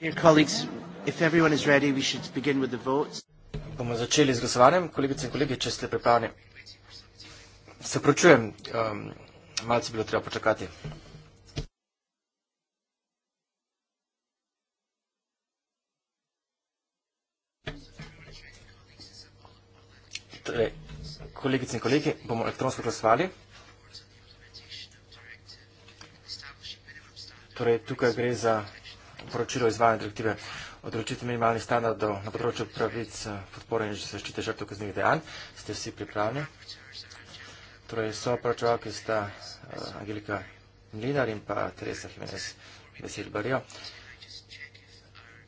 Dear colleagues, if everyone is ready, we should begin with the votes. Bomo začeli z glasovanjem, kolegice in kolegi, če ste pripravljeni. Se pročujem, um, malce bilo treba počakati. Torej, kolegice in kolegi, bomo elektronsko glasovali. Torej, tukaj gre za poročilo izvajanja direktive o določitvi minimalnih standardov na področju pravic eh, podpore in zaščite žrtev kaznih dejanj. Ste vsi pripravljeni? Torej so poročevalki sta eh, Angelika Mlinar in pa Teresa Jimenez Vesel Barijo.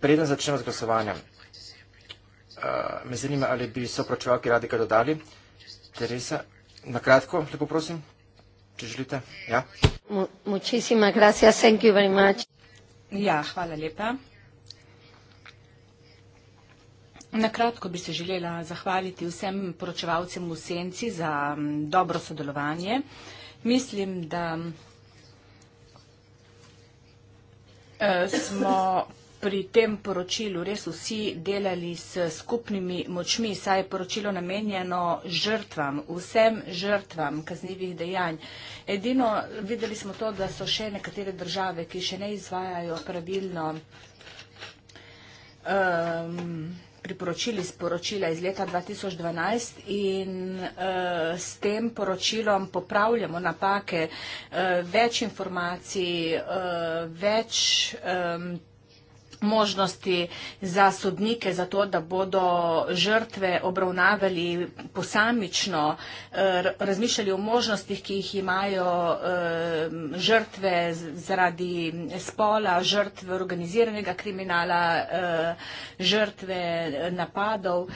Preden začnemo z glasovanjem, eh, me zanima, ali bi sopročevalki radi ga dodali. Teresa, nakratko, lepo prosim, če želite. Ja. Muchísimas gracias, thank you very much. Ja, hvala lepa. Nakratko bi se želela zahvaliti vsem poročevalcem v Senci za dobro sodelovanje. Mislim, da e, smo pri tem poročilu res vsi delali s skupnimi močmi, saj je poročilo namenjeno žrtvam, vsem žrtvam kaznjivih dejanj. Edino videli smo to, da so še nekatere države, ki še ne izvajajo pravilno um, priporočili sporočila iz leta 2012 in uh, s tem poročilom popravljamo napake, uh, več informacij, uh, več um, možnosti za sodnike, za to, da bodo žrtve obravnavali posamično, eh, razmišljali o možnostih, ki jih imajo eh, žrtve zaradi spola, žrtve organiziranega kriminala, eh, žrtve napadov,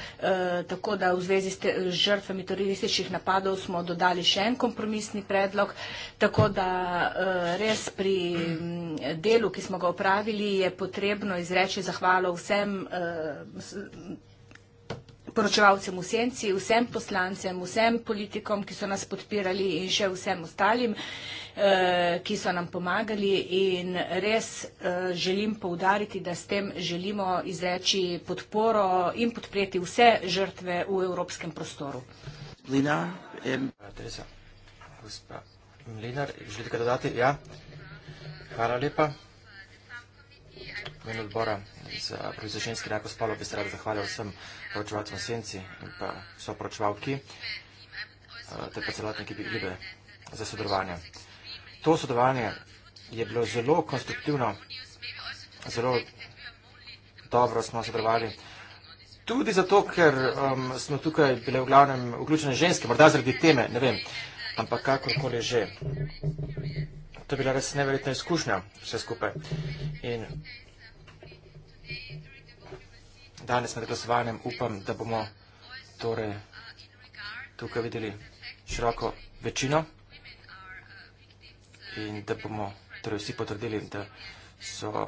tako da v zvezi s žrtvami terorističnih napadov smo dodali še en kompromisni predlog, tako da res pri mm, delu, ki smo ga upravili, je potrebno iskreno izreči zahvalo vsem eh, poročevalcem v senci, vsem poslancem, vsem politikom, ki so nas podpirali in še vsem ostalim, eh, ki so nam pomagali in res eh, želim poudariti, da s tem želimo izreči podporo in podpreti vse žrtve v evropskem prostoru. Linar, em... Teresa, gospa Linar, želite kaj dodati? Ja. Hvala lepa imenu odbora za ženski enako spolo bi se rad zahvalil vsem poročevalcem senci in pa so poročevalki, eh, ter pa celotni ekipi Libe za sodelovanje. To sodelovanje je bilo zelo konstruktivno, zelo dobro smo sodelovali. Tudi zato, ker um, smo tukaj bile v glavnem vključene ženske, morda zaradi teme, ne vem, ampak kakorkoli že. To je bila res neverjetna izkušnja vse skupaj. In Danes med glasovanjem upam, da bomo torej tukaj videli široko večino in da bomo torej vsi potrdili, da so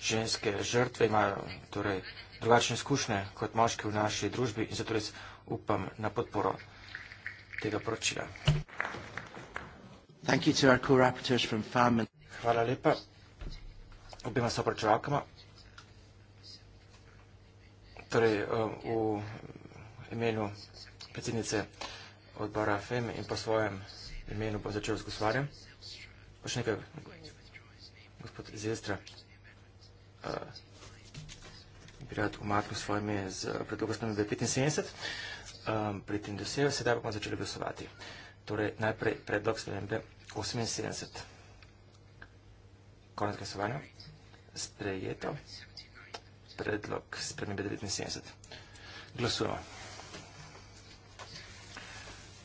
ženske žrtve, imajo torej drugačne izkušnje kot moški v naši družbi in zato res upam na podporo tega poročila. Hvala lepa obima soporočevalkama torej um, v imenu predsednice odbora FEM in po svojem imenu bom začel z gospodarjem. Pa še nekaj, gospod Zestra, uh, bi rad umaknil svoje ime z uh, predlogo spremembe 75, um, pri tem dosejo, sedaj bomo začeli glasovati. Torej, najprej predlog spremembe 78. Konec glasovanja. Sprejeto. Sprejeto predlog spremembe 79. Glasujemo.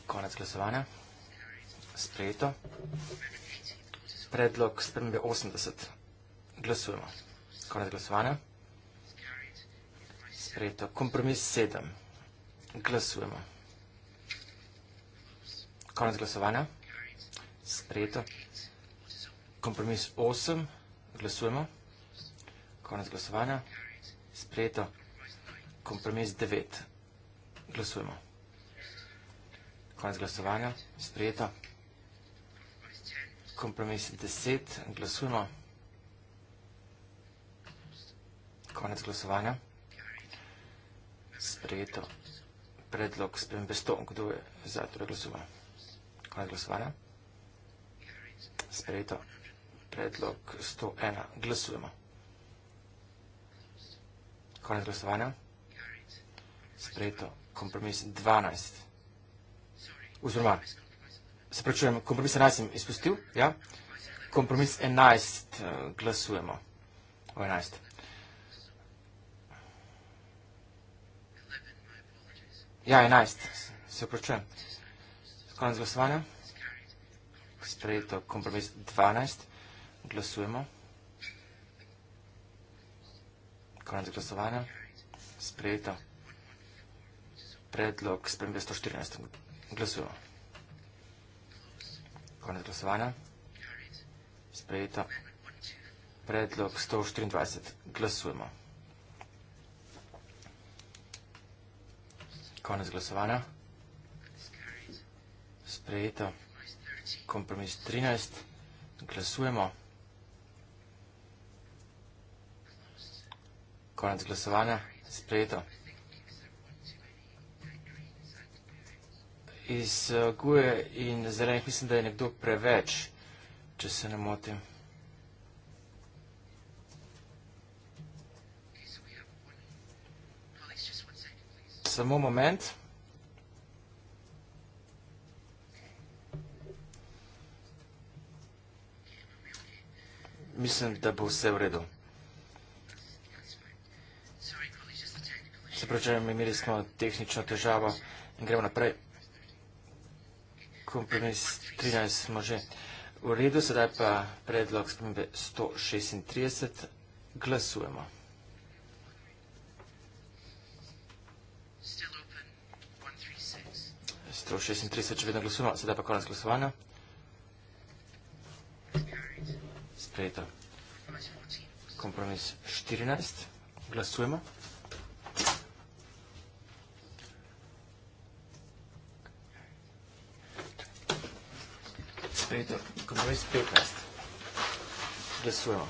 Konec glasovanja. Sprejeto. Predlog spremembe 80. Glasujemo. Konec glasovanja. Sprejeto. Kompromis 7. Glasujemo. Konec glasovanja. Sprejeto. Kompromis 8. Glasujemo. Konec glasovanja. Sprejeto sprejeto. Kompromis 9. Glasujemo. Konec glasovanja. Sprejeto. Kompromis 10. Glasujemo. Konec glasovanja. Sprejeto. Predlog spremembe 100. Kdo je za to torej glasoval? Konec glasovanja. Sprejeto. Predlog 101. Glasujemo konec glasovanja. Sprejeto kompromis 12. Oziroma, se pravčujem, kompromis 11 sem izpustil, ja? Kompromis 11 eh, glasujemo. O 11. Ja, 11. Se pravčujem. Konec glasovanja. Sprejeto kompromis 12. Glasujemo. Glasujemo. konec glasovanja, sprejeto predlog s premjega 114. Glasujemo. Konec glasovanja, sprejeto predlog 124. Glasujemo. Konec glasovanja, sprejeto kompromis 13. Glasujemo. Glasujemo. Konec glasovanja. Sprejeto. Iz eh, guje in zelenih mislim, da je nekdo preveč, če se ne motim. Samo moment. Mislim, da bo vse v redu. pričujem, imeli smo tehnično težavo in gremo naprej. Kompromis 13 smo že v redu, sedaj pa predlog spremembe 136. Glasujemo. Stro 36, če vedno glasujemo, sedaj pa konec glasovanja. Sprejeto. Kompromis 14. Glasujemo. Glasujemo. Eto, ko bo res pil kast. Glesujemo.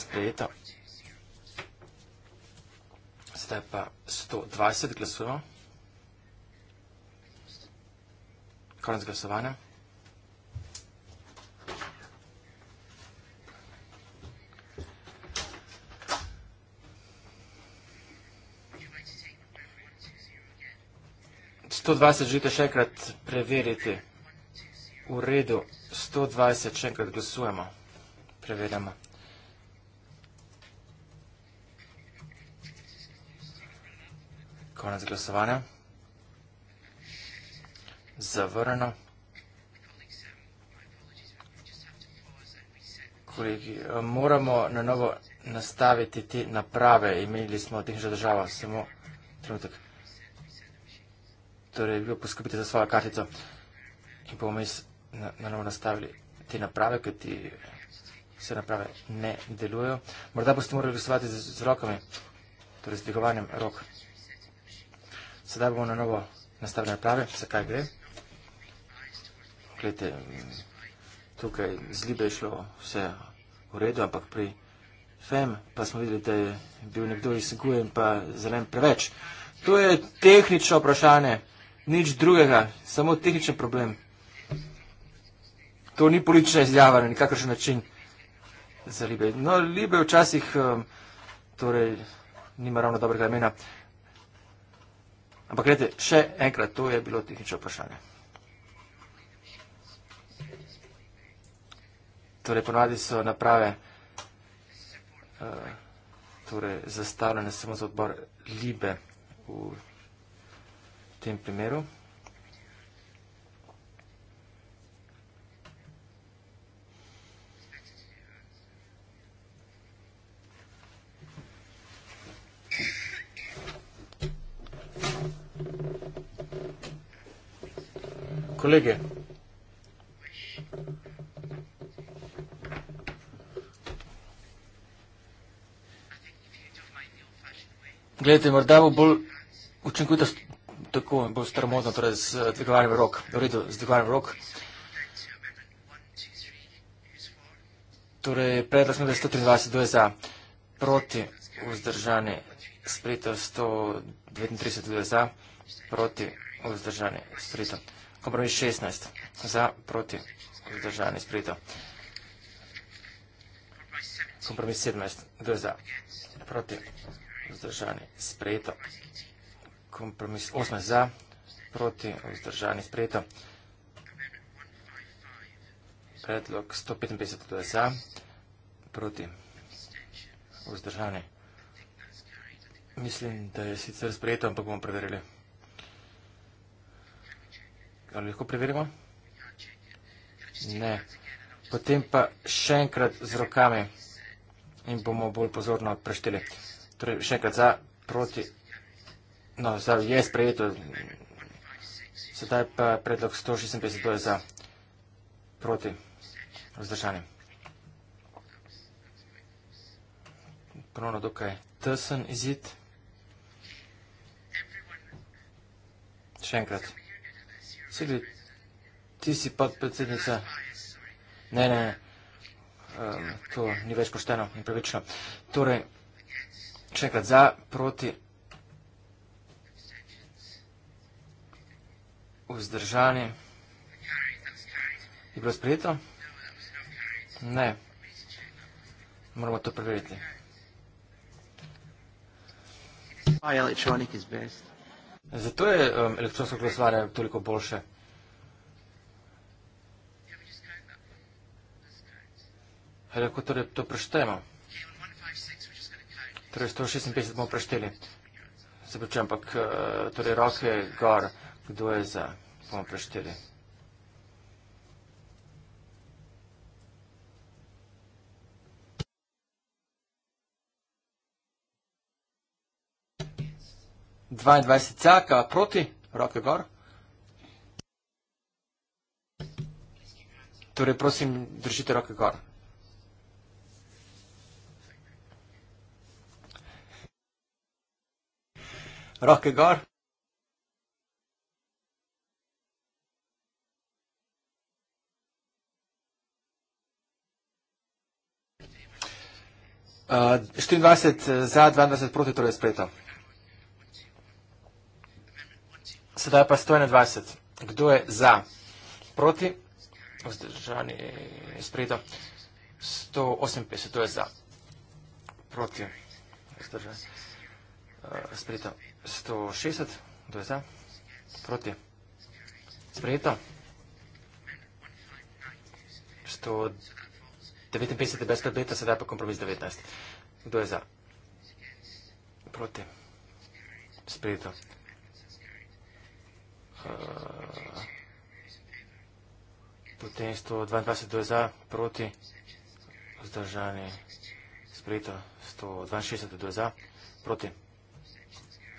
Sprejeto. Zdaj pa 120 glasujemo. Konec glasovanja. 120 želite še enkrat preveriti. V redu, 120 še enkrat glasujemo. Preverjamo. Konec glasovanja. Zavrno. Kolegi, eh, moramo na novo nastaviti te naprave. Imeli smo tehnično državo samo trenutek torej vi poskrbite za svojo kartico in bomo mi na novo nastavili te naprave, ker ti vse naprave ne delujejo. Morda boste morali glasovati z, z rokami, torej z dvigovanjem rok. Sedaj bomo na novo nastavili naprave, za kaj gre. Glede, tukaj z Libe je šlo vse v redu, ampak pri FEM pa smo videli, da je bil nekdo izgujen pa zelen preveč. To je tehnično vprašanje. Nič drugega, samo tehničen problem. To ni politična izjava na nikakršen način za Libe. No, Libe včasih um, torej, nima ravno dobrega imena. Ampak gledajte, še enkrat, to je bilo tehnično vprašanje. Torej, ponavadi so naprave uh, torej, zastavljene samo za odbor Libe. V tem primeru. Kolege, gledajte, morda bo bolj učinkovito tako bolj staromodno, torej z eh, dvigovanjem rok. V redu, z dvigovanjem rok. Torej, predlog smo, da je 123, kdo je za proti vzdržanje sprejeto, 139, kdo je za proti vzdržanje sprejeto. Kompromis 16, za proti vzdržanje sprejeto. Kompromis 17, kdo je za proti vzdržanje sprejeto kompromis 8 za, proti vzdržani sprejeto. Predlog 155 za, proti vzdržani. Mislim, da je sicer sprejeto, ampak bomo preverili. Ali lahko preverimo? Ne. Potem pa še enkrat z rokami in bomo bolj pozorno prešteli. Torej, še enkrat za, proti vzdržani. No, zdaj je sprejeto. Sedaj pa predlog 156 je za proti vzdržanje. Ponovno dokaj tesen izid. Še enkrat. Sili, ti si podpredsednica. Ne, ne, ehm, to ni več pošteno in pravično. Torej, še enkrat za proti vzdržanje. vzdržani. Je bilo sprejeto? Ne. Moramo to preveriti. Zato je um, elektronsko glasovanje toliko boljše. Ali lahko torej to preštejemo? Torej 156 bomo prešteli. Se pričem, ampak uh, torej roke gor. 156. Kdo je za? Bomo prešteli. Dvajedvajset za, kaj proti? Roke gor. Torej, prosim, držite roke gor. Roke gor. 24 uh, eh, za, 22 proti, torej spleta. Sedaj pa 121. Kdo je za? Proti? Vzdržani je spleta. 158, to je za. Proti? Vzdržani je spleta. 160, to je za. Proti? Spleta. 100. 59 brez kadeta, sedaj pa kompromis 19. Kdo je za? Proti. Sprejeto. Uh, potem 122, kdo je za? Proti. Zdržani. Sprejeto. 162, kdo je za? Proti.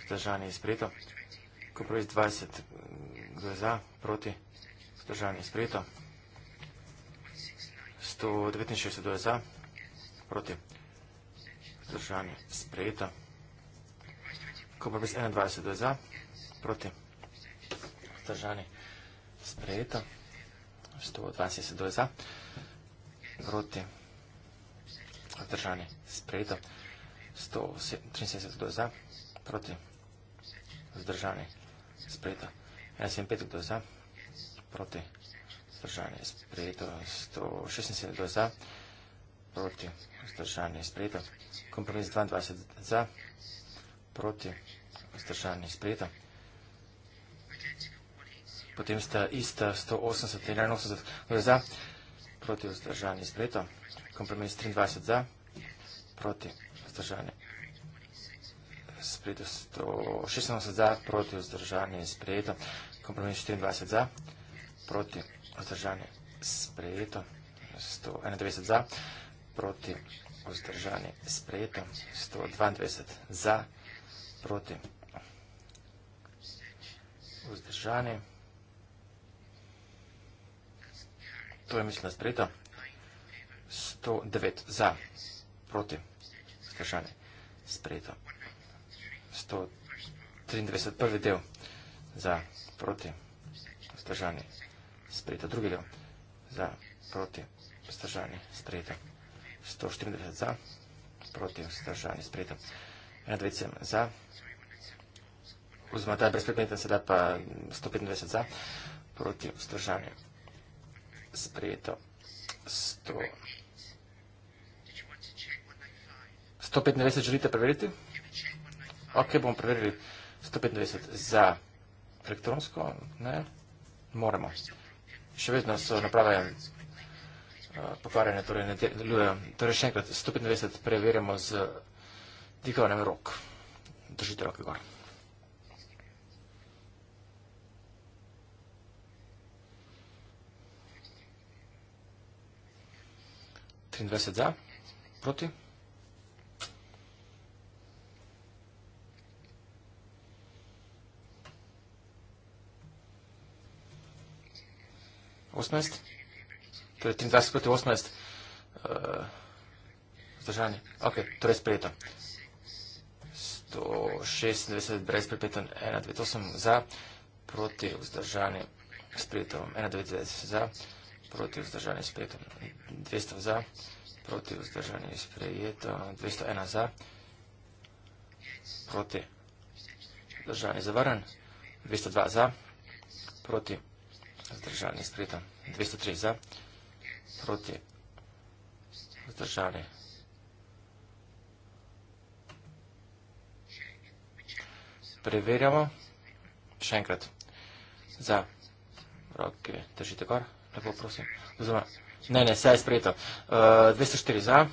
Zdržani. Sprejeto. Kompromis 20, kdo je za? Proti. Zdržani. Sprejeto. 169 je za, proti vzdržanje sprejeta. Kompromis 21 je za, proti vzdržanje sprejeta. 172 je za, proti vzdržanje sprejeta. 173 je za, proti vzdržanje sprejeta. 175 je za, proti vzdržanje sprejeta. Vzdržanje je sprejeto. 176 glasov za, proti. Vzdržanje je sprejeto. Kompromis 22 za, proti. Vzdržanje je sprejeto. Potem sta ista 180 in 81 glasov za, proti. Vzdržanje je sprejeto. Kompromis 23 za, proti. Vzdržanje je sprejeto. 186 za, proti. Vzdržanje je sprejeto. Kompromis 24 za, proti vzdržani sprejeto, 191 za, proti vzdržani sprejeto, 122 za, proti vzdržani. To je mislim sprejeto, 109 za, proti vzdržani sprejeto, 123 prvi del za, proti vzdržani sprejeta. Drugi del za proti vzdržanje sprejeta. 194 za proti vzdržanje sprejeta. 1,27 za. Uzmo ta brezpredmeten sedaj pa 125 za proti vzdržanje sprejeto. 195 želite preveriti? Ok, bomo preverili 195 za elektronsko, ne, moramo še vedno so naprave eh, pokvarjene, torej ne delujejo. Torej še enkrat, 125 preverjamo z dihovanjem rok. Držite roke gor. Za, proti. 18, to je 23 proti 18, vzdržanje, ok, torej sprejeto. 196 brez pripetan, 1,98 za, proti vzdržanje sprejeto, 1,99 za, proti vzdržanje sprejeto, 200 za, proti vzdržanje sprejeto, 201 za, proti vzdržanje zavaran, 202 za, proti vzdržanje sprejeto, 203 za, proti, zdržali. Preverjamo, še enkrat, za, roke, držite gor, lepo prosim, oziroma, ne, ne, vse je sprejeto, 204 eh, za,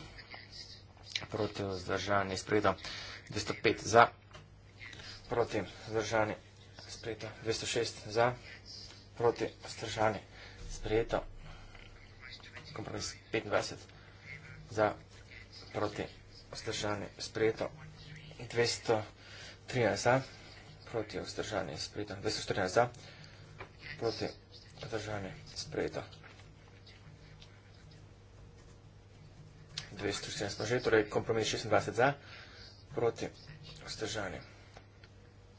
proti, zdržali, sprejeto, 205 za, proti, zdržali, sprejeto, 206 za, proti, zdržali, sprejeto kompromis 25 za proti vzdržanje sprejeto 213 za proti vzdržanje sprejeto 214 za proti vzdržanje sprejeto 214 smo že, torej kompromis 26 za proti vzdržanje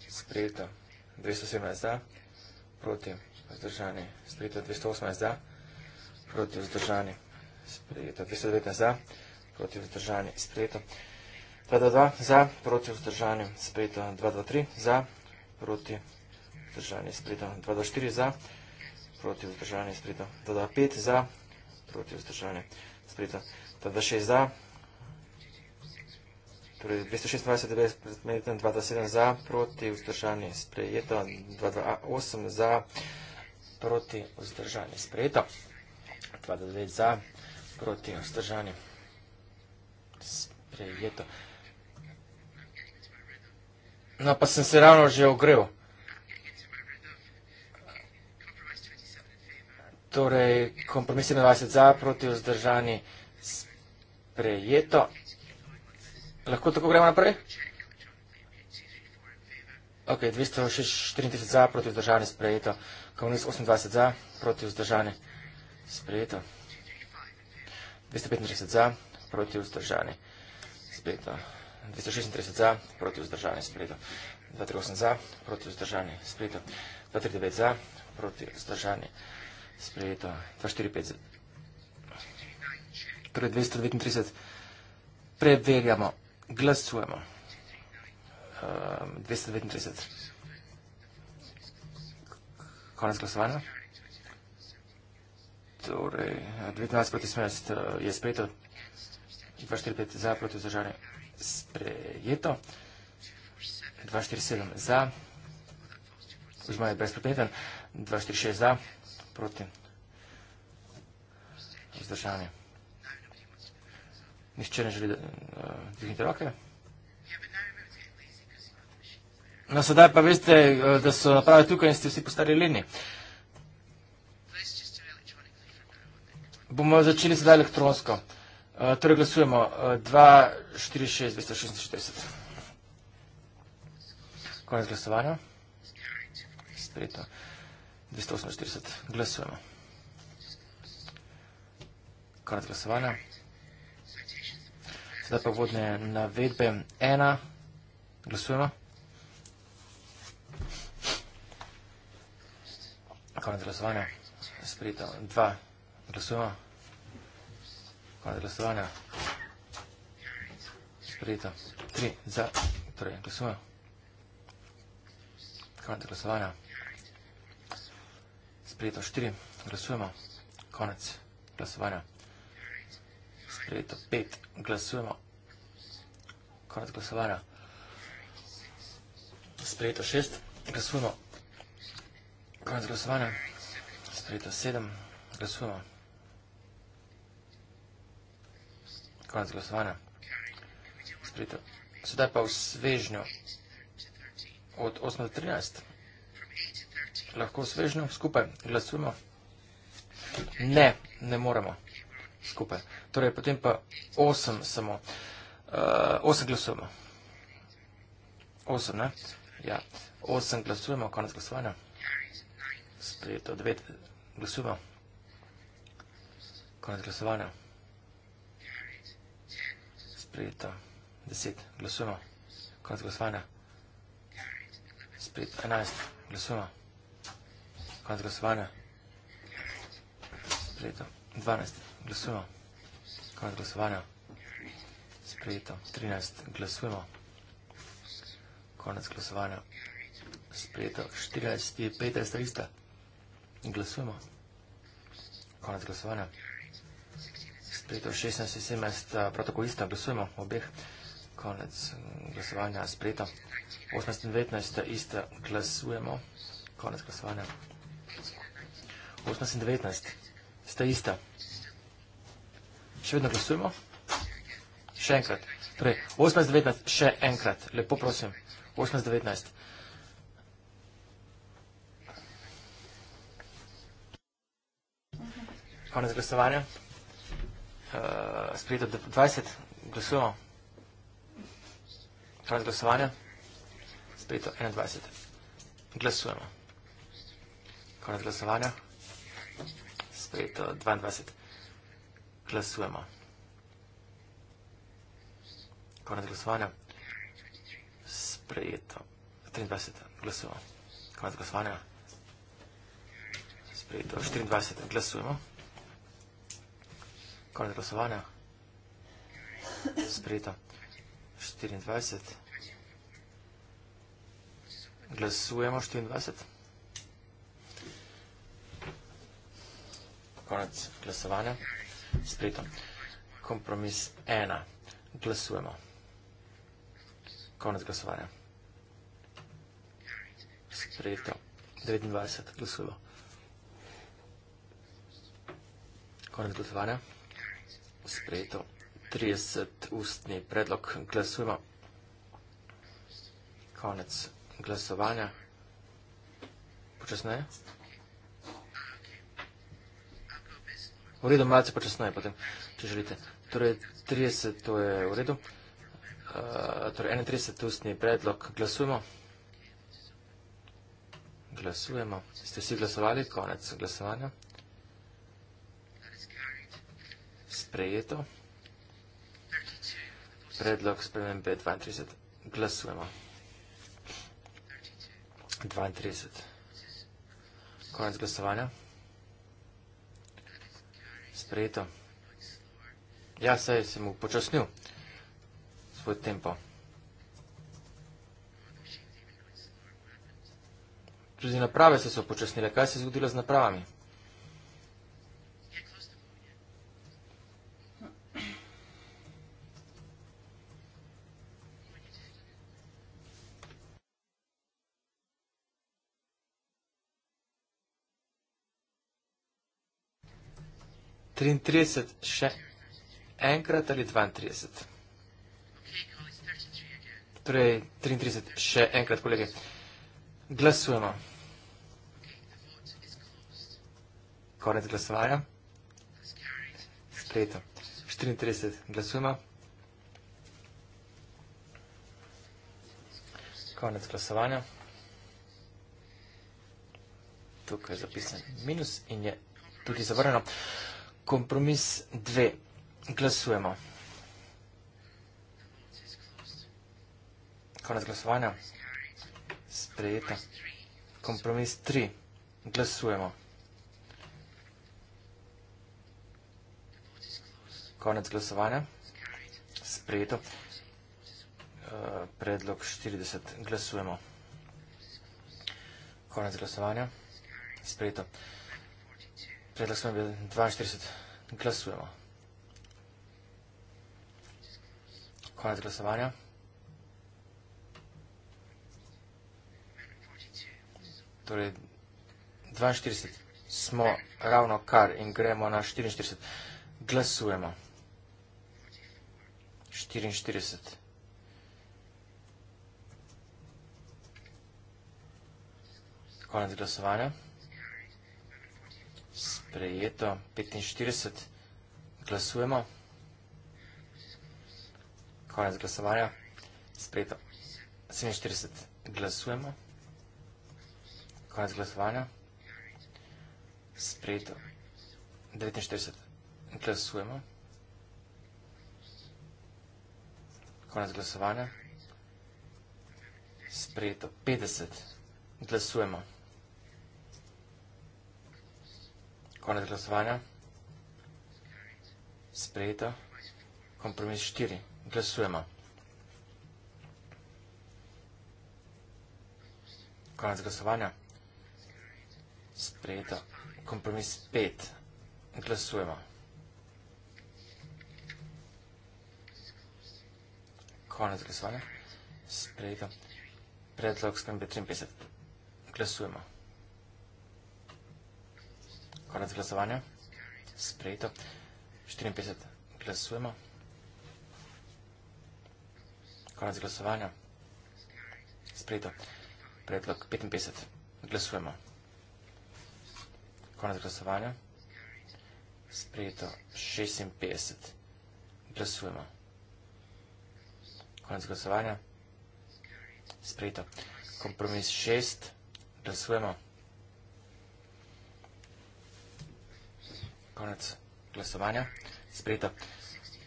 sprejeto 217 za proti vzdržani, sprejeta 218 za, proti vzdržani, sprejeta 219 za, proti vzdržani, sprejeta 222 za, proti vzdržani, sprejeta 223 za, proti vzdržani, sprejeta 224 za, proti vzdržani, sprejeta 225 za, proti vzdržani, sprejeta 226 za, Torej 226, 9, 27 za, proti vzdržanje sprejeto, 228 za, proti vzdržanje sprejeto, 229 za, proti vzdržanje sprejeto. No, pa sem se ravno že ogrel. Torej, kompromis 27 za, proti vzdržanje sprejeto. Lahko tako gremo naprej? Ok, 234 za, proti vzdržani sprejeto. Komunist 28 za, proti vzdržani sprejeto. 235 za, proti vzdržani sprejeto. 236 za, proti vzdržani sprejeto. 238 za, proti vzdržani sprejeto. 239 za, proti vzdržani sprejeto. 245 za. Torej 239 preverjamo. Glasujemo. Um, ehm, 239. Konec glasovanja. Torej, 19 proti 17 eh, je sprejeto, 245 za proti vzdržanje sprejeto, 247 za, vzma je brezpredmeten, 246 za proti vzdržanje nihče ne želi uh, eh, dvigniti roke. No, sedaj pa veste, uh, da so naprave tukaj in ste vsi postali lenji. Bomo začeli sedaj elektronsko. Uh, torej glasujemo uh, 246-246. Konec glasovanja. Sprejeto. 248. Glasujemo. Konec glasovanja. Zdaj pa vodne navedbe. Ena, glasujemo. Konec glasovanja. Sprejeto. Dva, glasujemo. Konec glasovanja. Sprejeto. Tri, za, torej, glasujemo. Konec glasovanja. Sprejeto. Štiri, glasujemo. Konec glasovanja leto 5, glasujemo. Konec glasovanja. Sprejeto 6, glasujemo. Konec glasovanja. Sprejeto 7, glasujemo. Konec glasovanja. Sprejeto. Sedaj pa v svežnju od 8 do 13. Lahko v svežnju skupaj glasujemo. Ne, ne moremo. Skupaj torej potem pa 8 samo. Uh, eh, 8 glasujemo. 8, ne? Ja, 8 glasujemo, konec glasovanja. Sprejeto, 9 glasujemo. Konec glasovanja. Sprejeto, 10 glasujemo. Konec glasovanja. Sprejeto, 11 glasujemo. Konec glasovanja. Sprejeto, 12 glasujemo. Kaj je glasovanja? Sprejeto. 13. Glasujemo. Konec glasovanja. Sprejeto. 14. je 15. lista. Glasujemo. Konec glasovanja. Sprejeto. 16. je 17. Prav tako ista. Glasujemo. Obeh. Konec mm, glasovanja. Sprejeto. 18. in 19. ista. Glasujemo. Konec glasovanja. 18. in 19. Sta ista. Sprejeto. Še vedno glasujemo? Še enkrat. Torej, 18.19, še enkrat. Lepo prosim. 18.19. Konec glasovanja. Eh, sprejeto 20. Glasujemo. Konec glasovanja. Sprejeto 21. Glasujemo. Konec glasovanja. Sprejeto 22 glasujemo. Konec glasovanja. Sprejeto. 23. Glasujemo. Konec glasovanja. Sprejeto. 24. Glasujemo. Konec glasovanja. Sprejeto. 24. Glasujemo 24. Konec glasovanja. 24 spletom. Kompromis ena. Glasujemo. Konec glasovanja. Sprejeto. 29. Glasujemo. Konec glasovanja. Sprejeto. 30. Ustni predlog. Glasujemo. Konec glasovanja. Počasneje. Počasneje. V redu, malce počasneje potem, če želite. Torej, 30, to je v redu. Uh, torej, 31, ustni predlog, glasujemo. Glasujemo. Ste vsi glasovali? Konec glasovanja. Sprejeto. Predlog spremembe 32. Glasujemo. 32. Konec glasovanja sprejeto. Ja, saj sem upočasnil svoj tempo. Tudi naprave so se upočasnile. Kaj se je zgodilo z napravami? 33 še enkrat ali 32? Torej, 33 še enkrat, kolege. Glasujemo. Konec glasovanja. Sprejeto. 34 glasujemo. Konec glasovanja. Tukaj je zapisan minus in je tudi zavrljeno kompromis 2. Glasujemo. Konec glasovanja. Sprejeto. Kompromis 3. Glasujemo. Konec glasovanja. Sprejeto. E, predlog 40. Glasujemo. Konec glasovanja. Sprejeto. Sprejeto. Predlag smo bil 42 glasujemo. Konec glasovanja. Torej, 42 smo ravno kar in gremo na 44. Glasujemo. 44. Konec glasovanja. Prejeto 45. Glasujemo. Konec glasovanja. Sprejeto 47. Glasujemo. Konec glasovanja. Sprejeto 49. Glasujemo. Konec glasovanja. Sprejeto 50. Glasujemo. Konec glasovanja. Sprejeto. Kompromis 4. Glasujemo. Konec glasovanja. Sprejeto. Kompromis 5. Glasujemo. Konec glasovanja. Sprejeto. Predlog spremembe 53. Glasujemo. Konec glasovanja. Sprejeto. 54. Glasujemo. Konec glasovanja. Sprejeto. Predlog 55. Glasujemo. Konec glasovanja. Sprejeto. 56. Glasujemo. Konec glasovanja. Sprejeto. Kompromis 6. Glasujemo. Glasujemo. konec glasovanja. Sprejeta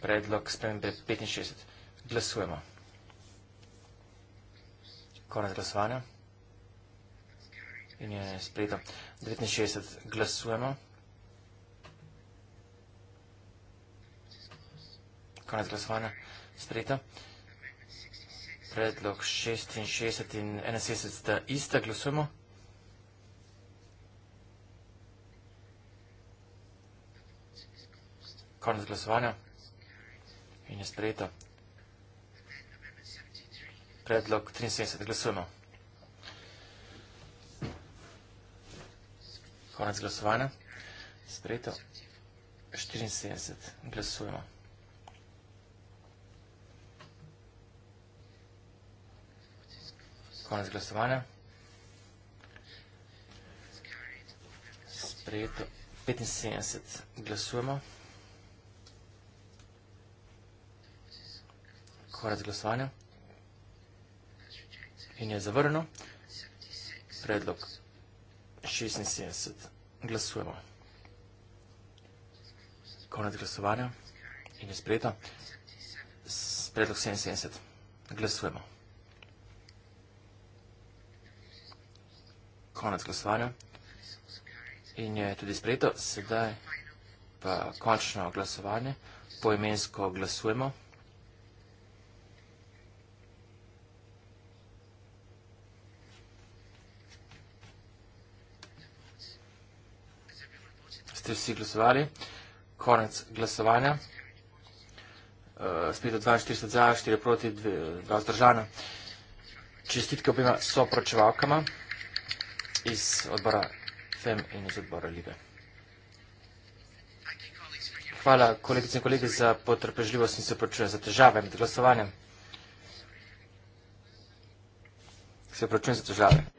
predlog spremembe 65. Glasujemo. Konec glasovanja. In je sprejeta 69. Glasujemo. Konec glasovanja. Sprejeta. Predlog 66 in 61. Ista glasujemo. Glasujemo. konec glasovanja in je sprejeto. Predlog 73. Glasujemo. Konec glasovanja. Sprejeto. 74. Glasujemo. Konec glasovanja. Sprejeto. 75. Glasujemo. skoraj zglasovanja in je zavrno. Predlog 76. Glasujemo. Konec glasovanja in je sprejeta. Predlog 77. Glasujemo. Konec glasovanja in je tudi sprejeto. Sedaj pa končno glasovanje. Poimensko glasujemo. Glasujemo. vsi glasovali. Konec glasovanja. Uh, spet 42 za, 4 proti, 2 vzdržana. Čestitke obima sopročevalkama iz odbora FEM in iz odbora Libe. Hvala kolegice in kolege za potrpežljivost in se pročujem za težave med glasovanjem. Se pročujem za težave.